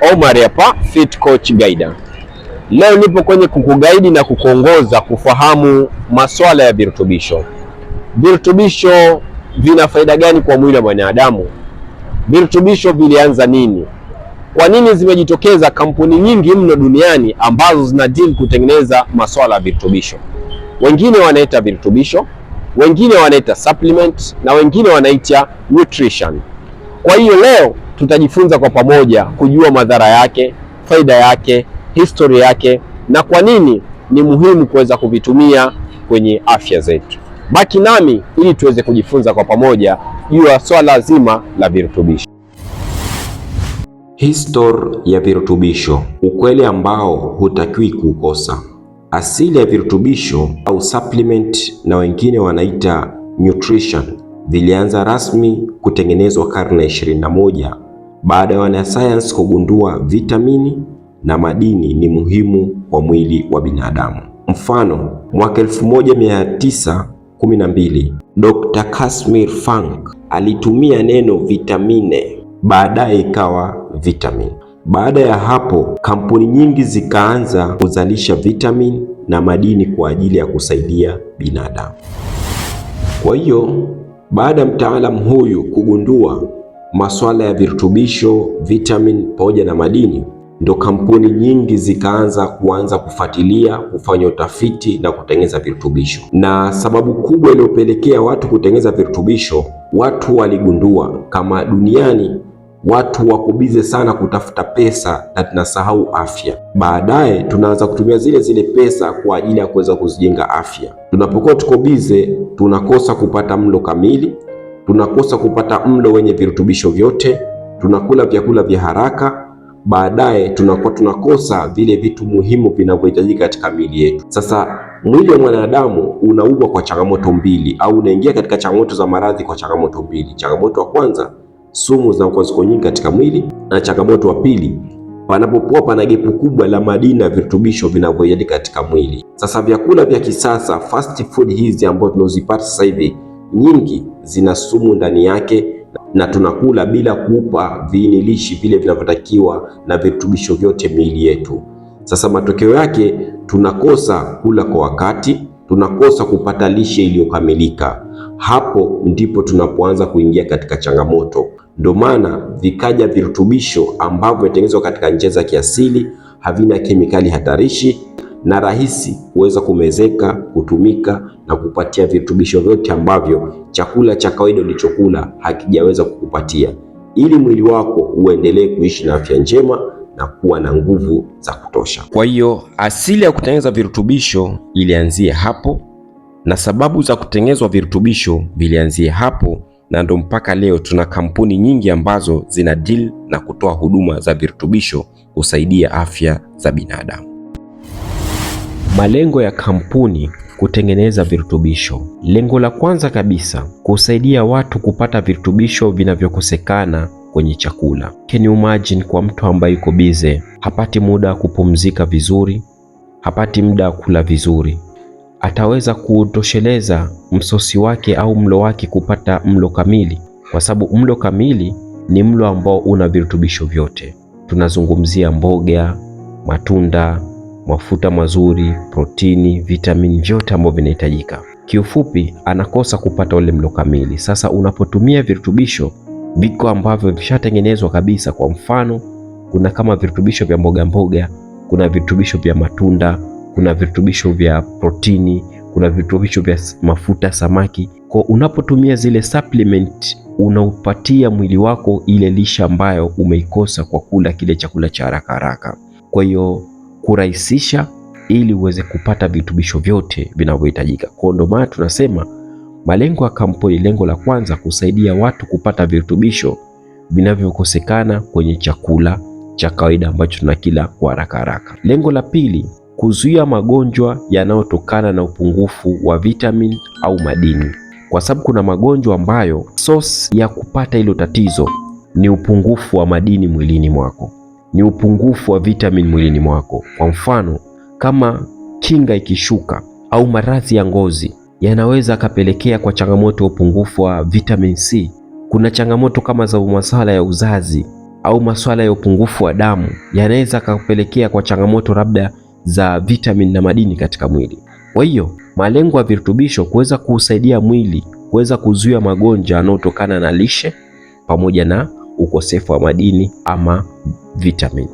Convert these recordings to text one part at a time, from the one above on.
Omar hapa Fit Coach Gaida. Leo nipo kwenye kukugaidi na kukuongoza kufahamu masuala ya virutubisho. Virutubisho vina faida gani kwa mwili wa mwanadamu? Virutubisho vilianza nini? Kwa nini zimejitokeza kampuni nyingi mno duniani ambazo zina deal kutengeneza masuala ya virutubisho? Wengine wanaita virutubisho, wengine wanaita supplement na wengine wanaita nutrition. Kwa hiyo leo tutajifunza kwa pamoja kujua madhara yake, faida yake, historia yake na kwa nini ni muhimu kuweza kuvitumia kwenye afya zetu. Baki nami ili tuweze kujifunza kwa pamoja juu ya swala zima la virutubisho. Histori ya virutubisho, ukweli ambao hutakiwi kuukosa. Asili ya virutubisho au supplement na wengine wanaita nutrition vilianza rasmi kutengenezwa karne ya 21 baada ya wanasayansi kugundua vitamini na madini ni muhimu kwa mwili wa binadamu. Mfano, mwaka 1912 Dr. Casimir Funk alitumia neno vitamine, baadaye ikawa vitamin. Baada ya hapo, kampuni nyingi zikaanza kuzalisha vitamin na madini kwa ajili ya kusaidia binadamu. Kwa hiyo, baada ya mtaalamu huyu kugundua masuala ya virutubisho, vitamin pamoja na madini, ndo kampuni nyingi zikaanza kuanza kufuatilia kufanya utafiti na kutengeneza virutubisho. Na sababu kubwa iliyopelekea watu kutengeneza virutubisho, watu waligundua kama duniani watu wako bize sana kutafuta pesa na tunasahau afya. Baadaye tunaanza kutumia zile zile pesa kwa ajili ya kuweza kuzijenga afya. Tunapokuwa tuko bize, tunakosa kupata mlo kamili, tunakosa kupata mlo wenye virutubisho vyote, tunakula vyakula vya haraka, baadaye tunakuwa tunakosa vile vitu muhimu vinavyohitajika katika miili yetu. Sasa mwili wa mwanadamu unaugwa kwa changamoto mbili, au unaingia katika changamoto za maradhi kwa changamoto mbili. Changamoto ya kwanza, sumu zinakuwa ziko nyingi katika mwili, na changamoto ya pili panapokuwa pana gepu kubwa la madini na virutubisho vinavyohitajika katika mwili. Sasa vyakula vya kisasa, fast food hizi ambazo tunazipata sasa hivi nyingi zina sumu ndani yake na tunakula bila kuupa viinilishi vile vinavyotakiwa na virutubisho vyote miili yetu. Sasa matokeo yake tunakosa kula kwa wakati, tunakosa kupata lishe iliyokamilika. Hapo ndipo tunapoanza kuingia katika changamoto. Ndio maana vikaja virutubisho ambavyo vinatengenezwa katika njia za kiasili, havina kemikali hatarishi, na rahisi kuweza kumezeka, kutumika na kupatia virutubisho vyote ambavyo chakula cha kawaida ulichokula hakijaweza kukupatia, ili mwili wako uendelee kuishi na afya njema na kuwa na nguvu za kutosha. Kwa hiyo asili ya kutengeneza virutubisho ilianzia hapo na sababu za kutengenezwa virutubisho vilianzia hapo, na ndo mpaka leo tuna kampuni nyingi ambazo zina deal na kutoa huduma za virutubisho kusaidia afya za binadamu. Malengo ya kampuni kutengeneza virutubisho. Lengo la kwanza kabisa, kusaidia watu kupata virutubisho vinavyokosekana kwenye chakula. Can you imagine, kwa mtu ambaye yuko bize, hapati muda wa kupumzika vizuri, hapati muda wa kula vizuri, ataweza kutosheleza msosi wake au mlo wake kupata mlo kamili? Kwa sababu mlo kamili ni mlo ambao una virutubisho vyote. Tunazungumzia mboga, matunda mafuta mazuri, protini, vitamini vyote ambavyo vinahitajika. Kiufupi anakosa kupata ule mlo kamili. Sasa unapotumia virutubisho viko ambavyo vishatengenezwa kabisa, kwa mfano kuna kama virutubisho vya mboga mboga, kuna virutubisho vya matunda, kuna virutubisho vya protini, kuna virutubisho vya mafuta samaki. Kwa unapotumia zile supplement unaupatia mwili wako ile lisha ambayo umeikosa kwa kula kile chakula cha haraka haraka. Kwa hiyo kurahisisha ili uweze kupata virutubisho vyote vinavyohitajika. Kwa ndo maana tunasema malengo ya kampuni, lengo la kwanza kusaidia watu kupata virutubisho vinavyokosekana kwenye chakula cha kawaida ambacho tunakila kwa haraka haraka. Lengo la pili, kuzuia magonjwa yanayotokana na upungufu wa vitamin au madini, kwa sababu kuna magonjwa ambayo source ya kupata hilo tatizo ni upungufu wa madini mwilini mwako ni upungufu wa vitamini mwilini mwako. Kwa mfano, kama kinga ikishuka au maradhi ya ngozi yanaweza akapelekea kwa changamoto ya upungufu wa vitamini C. Kuna changamoto kama za masuala ya uzazi au masuala ya upungufu wa damu yanaweza akapelekea kwa changamoto labda za vitamini na madini katika mwili. Kwa hiyo malengo ya virutubisho kuweza kuusaidia mwili kuweza kuzuia magonjwa yanayotokana na lishe pamoja na ukosefu wa madini ama vitamin.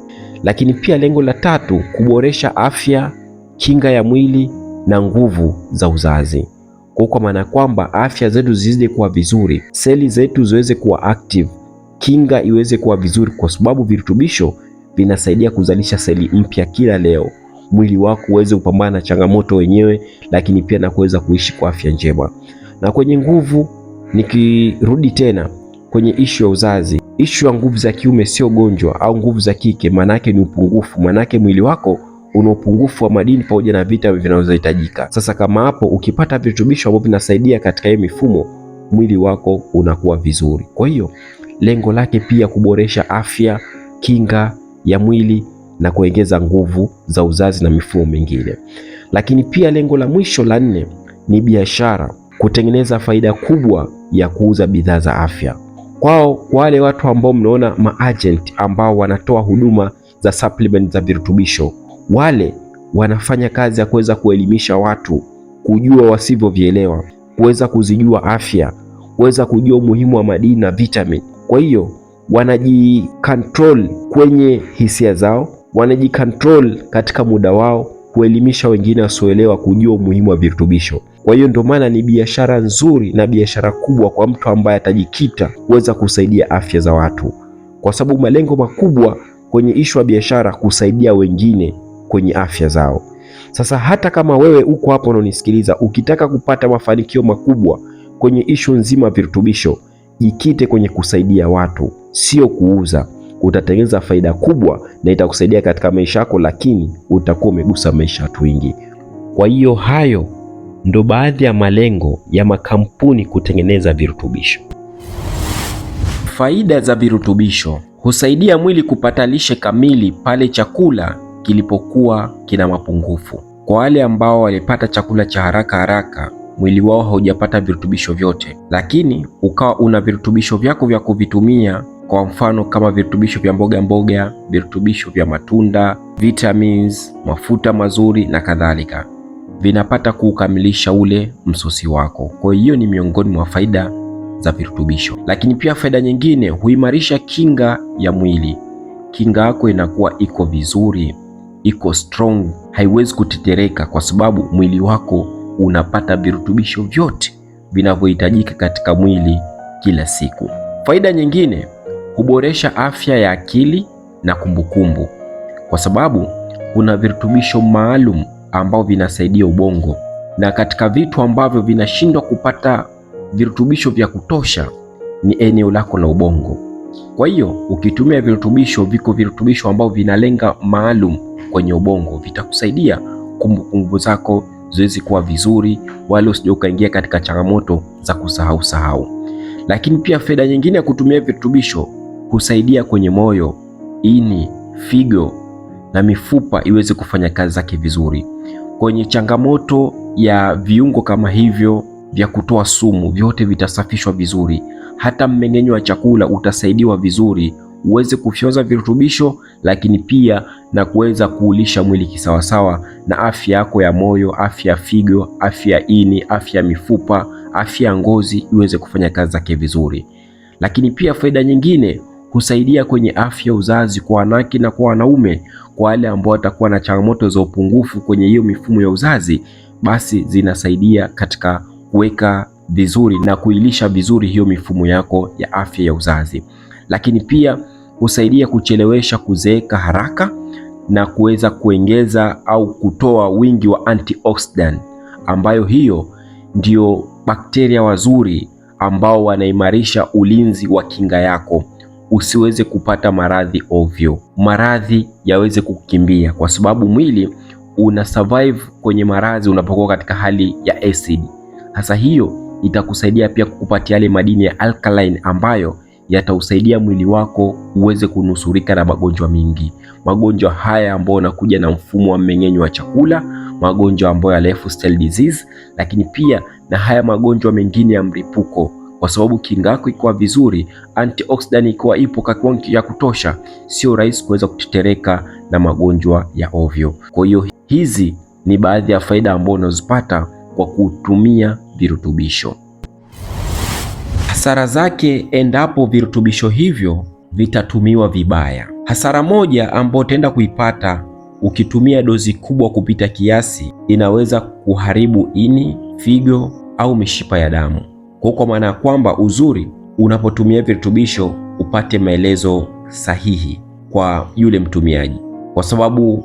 Lakini pia lengo la tatu, kuboresha afya, kinga ya mwili na nguvu za uzazi. Kwa maana ya kwamba afya zetu zizidi kuwa vizuri, seli zetu ziweze kuwa active, kinga iweze kuwa vizuri, kwa sababu virutubisho vinasaidia kuzalisha seli mpya kila leo, mwili wako uweze kupambana na changamoto wenyewe, lakini pia na kuweza kuishi kwa afya njema. Na kwenye nguvu, nikirudi tena kwenye ishu ya uzazi, ishu ya nguvu za kiume sio gonjwa au nguvu za kike, maanake ni upungufu, maanake mwili wako una upungufu wa madini pamoja na vita vinavyohitajika. Sasa kama hapo ukipata virutubisho ambavyo vinasaidia katika hiyo mifumo, mwili wako unakuwa vizuri. Kwa hiyo lengo lake pia kuboresha afya, kinga ya mwili na kuongeza nguvu za uzazi na mifumo mingine. Lakini pia lengo la mwisho la nne ni biashara, kutengeneza faida kubwa ya kuuza bidhaa za afya kwao, wale watu ambao mnaona maagent ambao wanatoa huduma za supplement za virutubisho, wale wanafanya kazi ya kuweza kuelimisha watu kujua wasivyovielewa, kuweza kuzijua afya, kuweza kujua umuhimu wa madini na vitamin. Kwa hiyo wanajikontrol kwenye hisia zao, wanajikontrol katika muda wao kuelimisha wengine wasioelewa kujua umuhimu wa virutubisho. Kwa hiyo ndio maana ni biashara nzuri na biashara kubwa kwa mtu ambaye atajikita kuweza kusaidia afya za watu, kwa sababu malengo makubwa kwenye ishu ya biashara kusaidia wengine kwenye afya zao. Sasa hata kama wewe uko hapo unaonisikiliza, ukitaka kupata mafanikio makubwa kwenye ishu nzima virutubisho, jikite kwenye kusaidia watu, sio kuuza. Utatengeneza faida kubwa na itakusaidia katika maisha yako, lakini utakuwa umegusa maisha ya watu wengi. Kwa hiyo hayo ndo baadhi ya malengo ya makampuni kutengeneza virutubisho. Faida za virutubisho husaidia mwili kupata lishe kamili pale chakula kilipokuwa kina mapungufu. Kwa wale ambao walipata chakula cha haraka haraka, mwili wao haujapata virutubisho vyote, lakini ukawa una virutubisho vyako vya kuvitumia, kwa mfano kama virutubisho vya mboga mboga, virutubisho vya matunda, vitamins, mafuta mazuri na kadhalika vinapata kuukamilisha ule msosi wako. Kwa hiyo ni miongoni mwa faida za virutubisho. Lakini pia faida nyingine, huimarisha kinga ya mwili. Kinga yako inakuwa iko vizuri, iko strong, haiwezi kutetereka kwa sababu mwili wako unapata virutubisho vyote vinavyohitajika katika mwili kila siku. Faida nyingine, huboresha afya ya akili na kumbukumbu, kwa sababu kuna virutubisho maalum ambao vinasaidia ubongo, na katika vitu ambavyo vinashindwa kupata virutubisho vya kutosha ni eneo lako la ubongo. Kwa hiyo ukitumia virutubisho, viko virutubisho ambavyo vinalenga maalum kwenye ubongo, vitakusaidia kumbukumbu zako ziwezi kuwa vizuri, wala usije ukaingia katika changamoto za kusahau sahau. Lakini pia faida nyingine ya kutumia virutubisho, husaidia kwenye moyo, ini, figo na mifupa iweze kufanya kazi zake vizuri kwenye changamoto ya viungo kama hivyo vya kutoa sumu, vyote vitasafishwa vizuri. Hata mmeng'enyo wa chakula utasaidiwa vizuri uweze kufyonza virutubisho, lakini pia na kuweza kuulisha mwili kisawasawa, na afya yako ya moyo, afya ya figo, afya ya ini, afya ya mifupa, afya ya ngozi iweze kufanya kazi zake vizuri. Lakini pia faida nyingine husaidia kwenye afya uzazi kwa wanawake na kwa wanaume kwa wale ambao watakuwa na changamoto za upungufu kwenye hiyo mifumo ya uzazi, basi zinasaidia katika kuweka vizuri na kuilisha vizuri hiyo mifumo yako ya afya ya uzazi, lakini pia husaidia kuchelewesha kuzeeka haraka na kuweza kuongeza au kutoa wingi wa antioxidant, ambayo hiyo ndio bakteria wazuri ambao wanaimarisha ulinzi wa kinga yako usiweze kupata maradhi ovyo, maradhi yaweze kukimbia, kwa sababu mwili una survive kwenye maradhi unapokuwa katika hali ya acid. hasa hiyo itakusaidia pia kukupatia yale madini ya alkaline ambayo yatausaidia mwili wako uweze kunusurika na magonjwa mengi, magonjwa haya ambayo yanakuja na mfumo wa mmeng'enyo wa chakula, magonjwa ambayo ya lifestyle disease, lakini pia na haya magonjwa mengine ya mlipuko kwa sababu kinga yako ikiwa vizuri, antioxidant ikiwa ipo kwa kiwango ya kutosha, sio rahisi kuweza kutetereka na magonjwa ya ovyo. Kwa hiyo hizi ni baadhi ya faida ambazo unazipata kwa kutumia virutubisho. Hasara zake endapo virutubisho hivyo vitatumiwa vibaya. Hasara moja ambayo utaenda kuipata ukitumia dozi kubwa kupita kiasi, inaweza kuharibu ini, figo au mishipa ya damu. Kwa kwa maana ya kwamba uzuri unapotumia virutubisho upate maelezo sahihi kwa yule mtumiaji, kwa sababu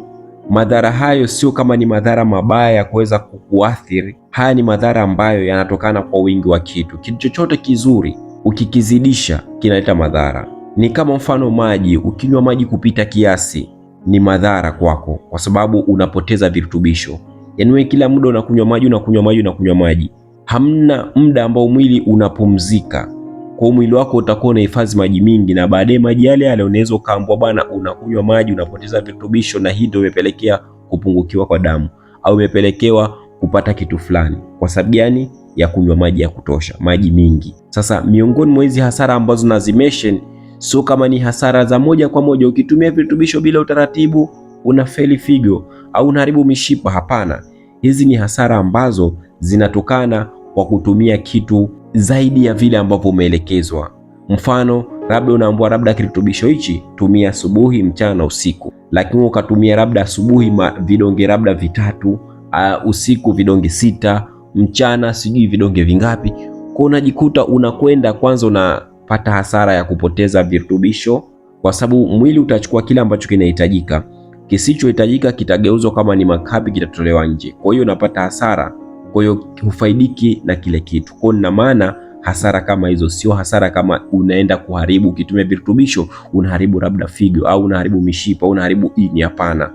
madhara hayo sio kama ni madhara mabaya ya kuweza kukuathiri. Haya ni madhara ambayo yanatokana kwa wingi wa kitu. Kitu chochote kizuri ukikizidisha kinaleta madhara. Ni kama mfano maji, ukinywa maji kupita kiasi ni madhara kwako, kwa sababu unapoteza virutubisho. Yaani wewe kila muda unakunywa maji unakunywa maji unakunywa maji hamna muda ambao mwili unapumzika. Kwa mwili wako utakuwa unahifadhi maji mingi, na baadaye maji yale yale unaweza ukaambwa bwana, unakunywa maji, unapoteza virutubisho, na hii ndio imepelekea kupungukiwa kwa damu au imepelekewa kupata kitu fulani. Kwa sababu gani? Ya kunywa maji ya kutosha, maji mingi. Sasa miongoni mwa hizi hasara ambazo nazimention, sio kama ni hasara za moja kwa moja, ukitumia virutubisho bila utaratibu unafeli figo au unaharibu mishipa. Hapana, hizi ni hasara ambazo zinatokana kwa kutumia kitu zaidi ya vile ambavyo umeelekezwa. Mfano, labda unaambiwa labda kirutubisho hichi tumia asubuhi, mchana na usiku, lakini ukatumia labda asubuhi vidonge labda vitatu, uh, usiku vidonge sita, mchana sijui vidonge vingapi, kwa unajikuta unakwenda kwanza, unapata hasara ya kupoteza virutubisho, kwa sababu mwili utachukua kile ambacho kinahitajika, kisichohitajika kitageuzwa kama ni makapi, kitatolewa nje, kwa hiyo unapata hasara kwa hiyo hufaidiki na kile kitu. Kwa hiyo ina maana hasara kama hizo sio hasara kama unaenda kuharibu ukitumia virutubisho, unaharibu labda figo au unaharibu mishipa au unaharibu ini. Hapana,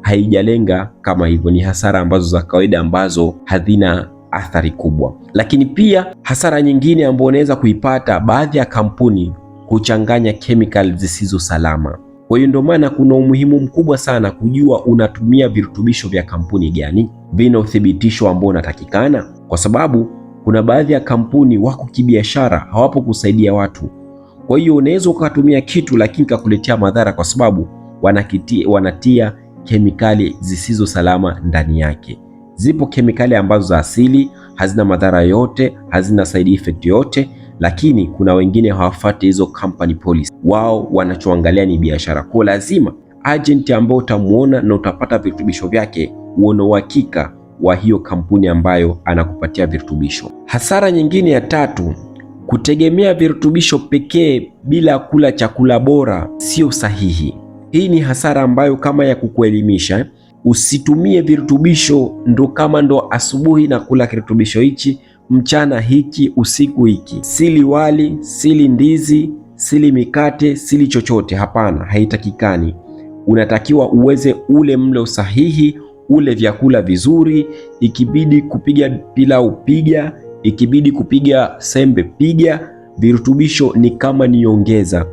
haijalenga kama hivyo. Ni hasara ambazo za kawaida ambazo hazina athari kubwa. Lakini pia hasara nyingine ambayo unaweza kuipata, baadhi ya kampuni huchanganya kemikali zisizo salama. Kwa hiyo ndio maana kuna umuhimu mkubwa sana kujua unatumia virutubisho vya kampuni gani, vina uthibitisho ambao unatakikana, kwa sababu kuna baadhi ya kampuni wako kibiashara, hawapo kusaidia watu. Kwa hiyo unaweza ukatumia kitu lakini kakuletea madhara, kwa sababu wanakitia, wanatia kemikali zisizo salama ndani yake. Zipo kemikali ambazo za asili hazina madhara yote, hazina side effect yote, lakini kuna wengine hawafuati hizo company policy. Wao wanachoangalia ni biashara, kwa lazima agent ambao utamwona na utapata virutubisho vyake uone uhakika wa hiyo kampuni ambayo anakupatia virutubisho. Hasara nyingine ya tatu, kutegemea virutubisho pekee bila kula chakula bora sio sahihi. Hii ni hasara ambayo kama ya kukuelimisha, usitumie virutubisho ndo kama ndo asubuhi na kula kirutubisho hichi mchana hiki, usiku hiki. Sili wali, sili ndizi, sili mikate, sili chochote. Hapana, haitakikani. Unatakiwa uweze ule mlo sahihi, ule vyakula vizuri. Ikibidi kupiga pilau, piga. Ikibidi kupiga sembe, piga. Virutubisho ni kama niongeza.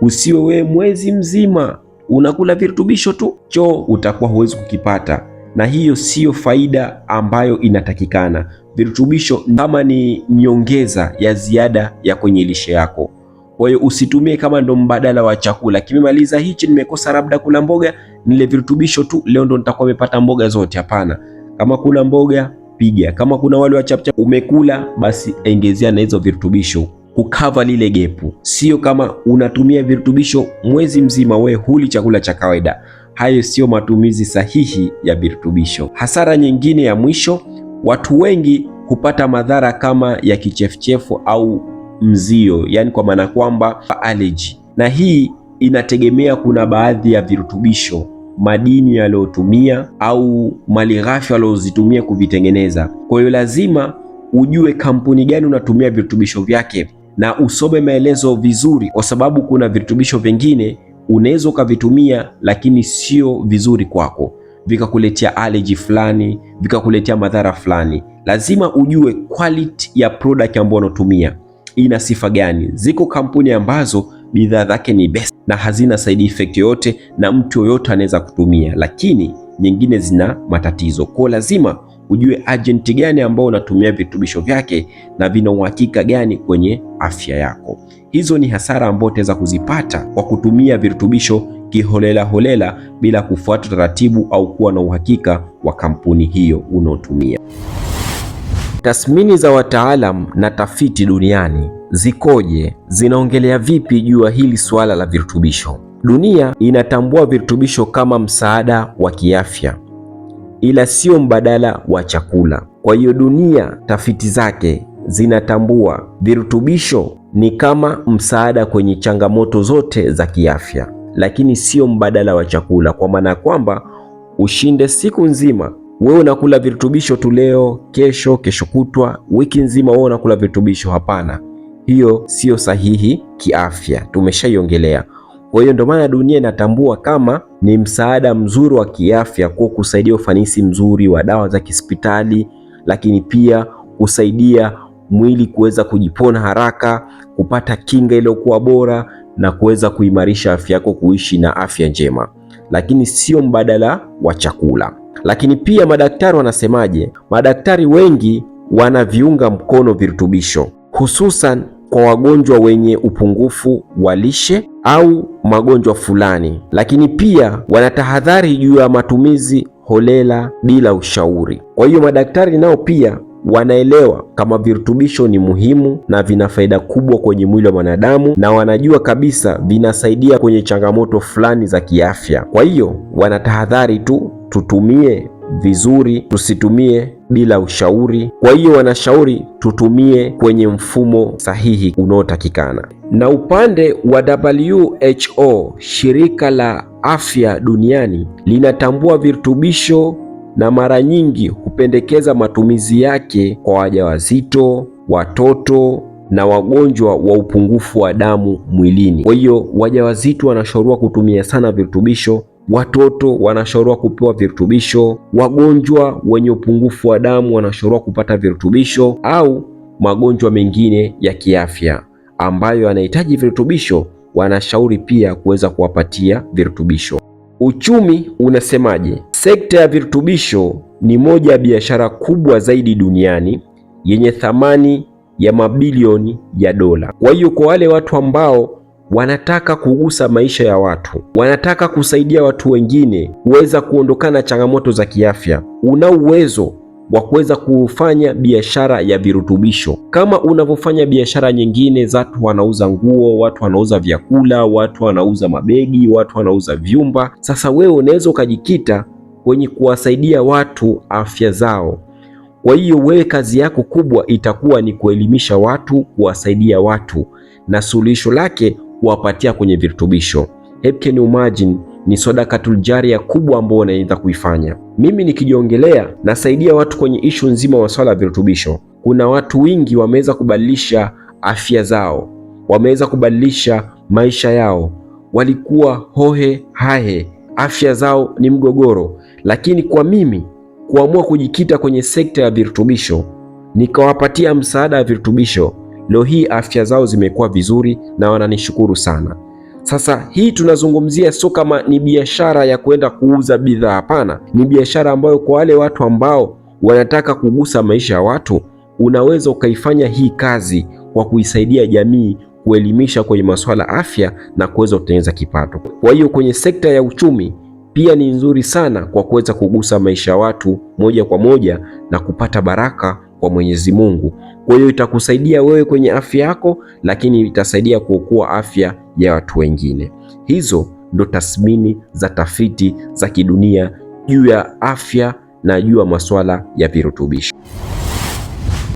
Usiwe wewe mwezi mzima unakula virutubisho tu, choo utakuwa huwezi kukipata na hiyo siyo faida ambayo inatakikana. Virutubisho kama ni nyongeza ya ziada ya kwenye lishe yako. Kwa hiyo usitumie kama ndo mbadala wa chakula, kimemaliza hichi, nimekosa labda kula mboga, nile virutubisho tu, leo ndo nitakuwa nimepata mboga zote. Hapana, kama kuna mboga piga, kama kuna wali wa chapchap umekula, basi engezea na hizo virutubisho kukava lile gepu. Sio kama unatumia virutubisho mwezi mzima, we huli chakula cha kawaida hayo siyo matumizi sahihi ya virutubisho. Hasara nyingine ya mwisho, watu wengi hupata madhara kama ya kichefuchefu au mzio, yani kwa maana kwamba allergy, na hii inategemea kuna baadhi ya virutubisho madini yaliyotumia au mali ghafi aliyozitumia kuvitengeneza. Kwa hiyo lazima ujue kampuni gani unatumia virutubisho vyake na usome maelezo vizuri, kwa sababu kuna virutubisho vingine unaweza ukavitumia, lakini sio vizuri kwako, vikakuletea allergy fulani, vikakuletea madhara fulani. Lazima ujue quality ya product ambayo unatumia ina sifa gani. Ziko kampuni ambazo bidhaa zake ni best na hazina side effect yoyote na mtu yoyote anaweza kutumia, lakini nyingine zina matatizo, kwa lazima ujue ajenti gani ambao unatumia virutubisho vyake na vina uhakika gani kwenye afya yako. Hizo ni hasara ambazo utaweza kuzipata kwa kutumia virutubisho kiholela holela bila kufuata taratibu au kuwa na uhakika wa kampuni hiyo unaotumia. Tathmini za wataalam na tafiti duniani zikoje? Zinaongelea vipi juu ya hili suala la virutubisho? Dunia inatambua virutubisho kama msaada wa kiafya ila sio mbadala wa chakula. Kwa hiyo dunia, tafiti zake zinatambua virutubisho ni kama msaada kwenye changamoto zote za kiafya, lakini sio mbadala wa chakula, kwa maana ya kwamba ushinde siku nzima wewe unakula virutubisho tu leo, kesho, kesho kutwa, wiki nzima wewe unakula virutubisho. Hapana, hiyo sio sahihi kiafya, tumeshaiongelea. Kwa hiyo ndio maana dunia inatambua kama ni msaada mzuri wa kiafya kwa kusaidia ufanisi mzuri wa dawa za kispitali, lakini pia kusaidia mwili kuweza kujipona haraka, kupata kinga iliyokuwa bora na kuweza kuimarisha afya yako kuishi na afya njema, lakini sio mbadala wa chakula. Lakini pia madaktari wanasemaje? Madaktari wengi wanaviunga mkono virutubisho hususan kwa wagonjwa wenye upungufu wa lishe au magonjwa fulani, lakini pia wanatahadhari juu ya matumizi holela bila ushauri. Kwa hiyo madaktari nao pia wanaelewa kama virutubisho ni muhimu na vina faida kubwa kwenye mwili wa mwanadamu, na wanajua kabisa vinasaidia kwenye changamoto fulani za kiafya. Kwa hiyo wanatahadhari tu, tutumie vizuri, tusitumie bila ushauri. Kwa hiyo wanashauri tutumie kwenye mfumo sahihi unaotakikana. Na upande wa WHO, shirika la afya duniani linatambua virutubisho na mara nyingi hupendekeza matumizi yake kwa wajawazito, watoto na wagonjwa wa upungufu wa damu mwilini. Kwa hiyo wajawazito wanashauriwa kutumia sana virutubisho watoto wanashauriwa kupewa virutubisho, wagonjwa wenye upungufu wa damu wanashauriwa kupata virutubisho, au magonjwa mengine ya kiafya ambayo yanahitaji virutubisho, wanashauri pia kuweza kuwapatia virutubisho. Uchumi unasemaje? Sekta ya virutubisho ni moja ya biashara kubwa zaidi duniani yenye thamani ya mabilioni ya dola. Kwa hiyo kwa wale watu ambao wanataka kugusa maisha ya watu, wanataka kusaidia watu wengine kuweza kuondokana changamoto za kiafya. Una uwezo wa kuweza kufanya biashara ya virutubisho kama unavyofanya biashara nyingine. Watu wanauza nguo, watu wanauza vyakula, watu wanauza mabegi, watu wanauza vyumba. Sasa wewe unaweza ukajikita kwenye kuwasaidia watu afya zao. Kwa hiyo wewe kazi yako kubwa itakuwa ni kuelimisha watu, kuwasaidia watu, na suluhisho lake kuwapatia kwenye virutubisho. Hebu can you imagine ni sadaqatul jaria kubwa ambao wanaweza kuifanya. Mimi nikijiongelea nasaidia watu kwenye ishu nzima wa swala ya virutubisho. Kuna watu wengi wameweza kubadilisha afya zao, wameweza kubadilisha maisha yao, walikuwa hohe hahe, afya zao ni mgogoro, lakini kwa mimi kuamua kujikita kwenye sekta ya virutubisho, nikawapatia msaada wa virutubisho Leo hii afya zao zimekuwa vizuri na wananishukuru sana. Sasa hii tunazungumzia sio kama ni biashara ya kwenda kuuza bidhaa, hapana. Ni biashara ambayo kwa wale watu ambao wanataka kugusa maisha ya watu, unaweza ukaifanya hii kazi kwa kuisaidia jamii kuelimisha kwenye masuala afya na kuweza kutengeneza kipato. Kwa hiyo kwenye sekta ya uchumi pia ni nzuri sana kwa kuweza kugusa maisha ya watu moja kwa moja na kupata baraka kwa Mwenyezi Mungu. Kwa hiyo itakusaidia wewe kwenye afya yako, lakini itasaidia kuokoa afya ya watu wengine. Hizo ndo tathmini za tafiti za kidunia juu ya afya na juu ya masuala ya virutubisho.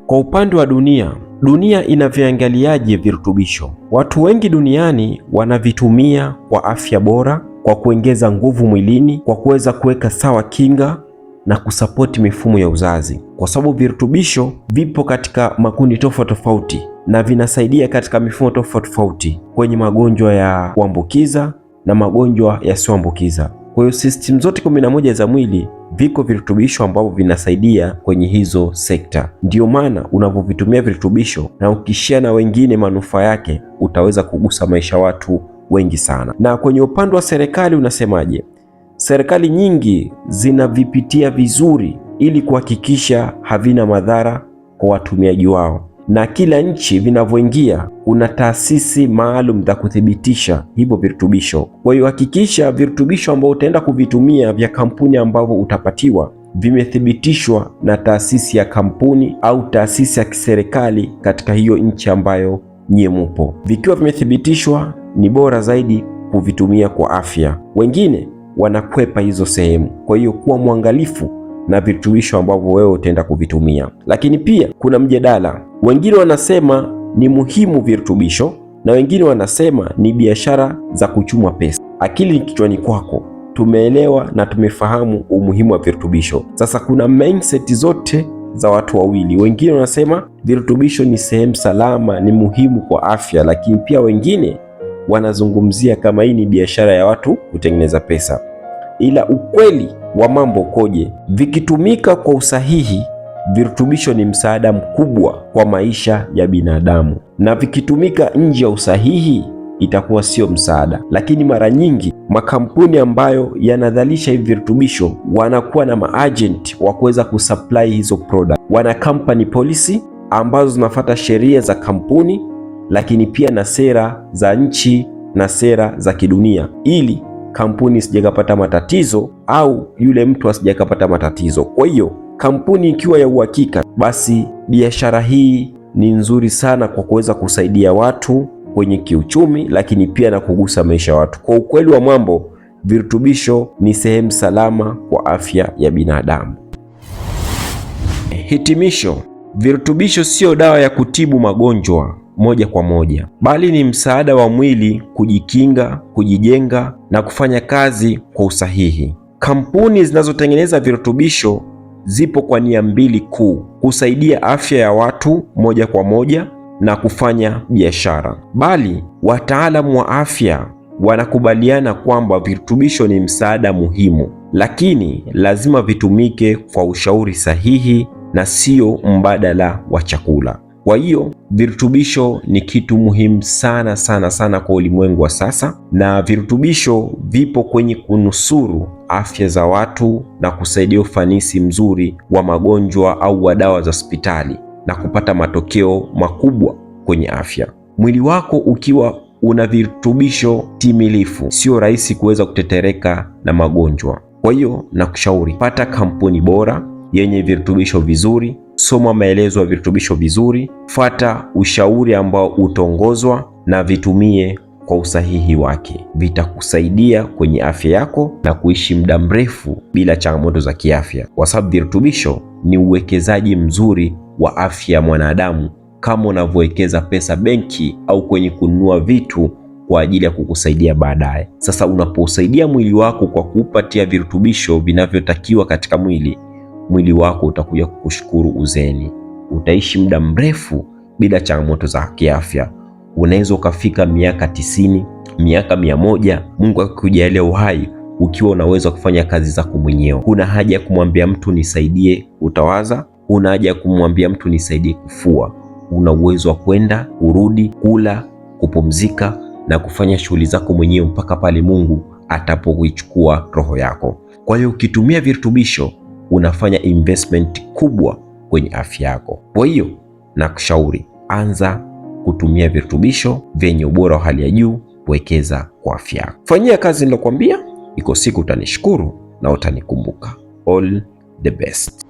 Kwa upande wa dunia, dunia inaviangaliaje virutubisho? Watu wengi duniani wanavitumia kwa afya bora, kwa kuongeza nguvu mwilini, kwa kuweza kuweka sawa kinga na kusapoti mifumo ya uzazi, kwa sababu virutubisho vipo katika makundi tofauti tofauti na vinasaidia katika mifumo tofauti tofauti kwenye magonjwa ya kuambukiza na magonjwa yasiyoambukiza. Kwa hiyo system zote kumi na moja za mwili viko virutubisho ambavyo vinasaidia kwenye hizo sekta. Ndiyo maana unavyovitumia virutubisho na ukishia na wengine manufaa yake, utaweza kugusa maisha watu wengi sana. Na kwenye upande wa serikali unasemaje? serikali nyingi zinavipitia vizuri ili kuhakikisha havina madhara kwa watumiaji wao, na kila nchi vinavyoingia kuna taasisi maalum za kuthibitisha hivyo virutubisho. Kwa hiyo hakikisha virutubisho ambao utaenda kuvitumia vya kampuni ambavyo utapatiwa vimethibitishwa na taasisi ya kampuni au taasisi ya kiserikali katika hiyo nchi ambayo nyie mupo. Vikiwa vimethibitishwa, ni bora zaidi kuvitumia kwa afya. Wengine wanakwepa hizo sehemu. Kwa hiyo kuwa mwangalifu na virutubisho ambavyo wewe utaenda kuvitumia. Lakini pia kuna mjadala, wengine wanasema ni muhimu virutubisho na wengine wanasema ni biashara za kuchuma pesa. Akili ni kichwani kwako, tumeelewa na tumefahamu umuhimu wa virutubisho. Sasa kuna mindset zote za watu wawili. Wengine wanasema virutubisho ni sehemu salama, ni muhimu kwa afya, lakini pia wengine wanazungumzia kama hii ni biashara ya watu kutengeneza pesa ila ukweli wa mambo koje Vikitumika kwa usahihi, virutubisho ni msaada mkubwa kwa maisha ya binadamu, na vikitumika nje ya usahihi itakuwa sio msaada. Lakini mara nyingi makampuni ambayo yanadhalisha hivi virutubisho wanakuwa na maagent wa kuweza kusupply hizo product, wana company policy ambazo zinafuata sheria za kampuni, lakini pia na sera za nchi na sera za kidunia ili kampuni sijakapata matatizo au yule mtu asijakapata matatizo. Kwa hiyo kampuni ikiwa ya uhakika, basi biashara hii ni nzuri sana kwa kuweza kusaidia watu kwenye kiuchumi, lakini pia na kugusa maisha ya watu. Kwa ukweli wa mambo, virutubisho ni sehemu salama kwa afya ya binadamu. Hitimisho, virutubisho sio dawa ya kutibu magonjwa moja kwa moja, bali ni msaada wa mwili kujikinga, kujijenga na kufanya kazi kwa usahihi. Kampuni zinazotengeneza virutubisho zipo kwa nia mbili kuu: kusaidia afya ya watu moja kwa moja na kufanya biashara. Bali wataalamu wa afya wanakubaliana kwamba virutubisho ni msaada muhimu, lakini lazima vitumike kwa ushauri sahihi na sio mbadala wa chakula. Kwa hiyo virutubisho ni kitu muhimu sana sana sana kwa ulimwengu wa sasa, na virutubisho vipo kwenye kunusuru afya za watu na kusaidia ufanisi mzuri wa magonjwa au wa dawa za hospitali na kupata matokeo makubwa kwenye afya. Mwili wako ukiwa una virutubisho timilifu, sio rahisi kuweza kutetereka na magonjwa. Kwa hiyo nakushauri pata kampuni bora yenye virutubisho vizuri soma maelezo ya virutubisho vizuri, fata ushauri ambao utongozwa na vitumie kwa usahihi wake. Vitakusaidia kwenye afya yako na kuishi muda mrefu bila changamoto za kiafya, kwa sababu virutubisho ni uwekezaji mzuri wa afya ya mwanadamu, kama unavyowekeza pesa benki au kwenye kununua vitu kwa ajili ya kukusaidia baadaye. Sasa unaposaidia mwili wako kwa kuupatia virutubisho vinavyotakiwa katika mwili, mwili wako utakuja kukushukuru uzeni. Utaishi muda mrefu bila changamoto za kiafya. Unaweza ukafika miaka tisini, miaka mia moja, Mungu akikujalia uhai ukiwa unaweza kufanya kazi zako mwenyewe. Huna haja ya kumwambia mtu nisaidie utawaza, huna haja ya kumwambia mtu nisaidie kufua. Una uwezo wa kwenda urudi, kula, kupumzika na kufanya shughuli zako mwenyewe mpaka pale Mungu atapoichukua roho yako. Kwa hiyo ukitumia virutubisho unafanya investment kubwa kwenye afya yako. Kwa hiyo nakushauri, anza kutumia virutubisho vyenye ubora wa hali ya juu kuwekeza kwa afya yako. Fanyia kazi nilokuambia, iko siku utanishukuru na utanikumbuka. All the best.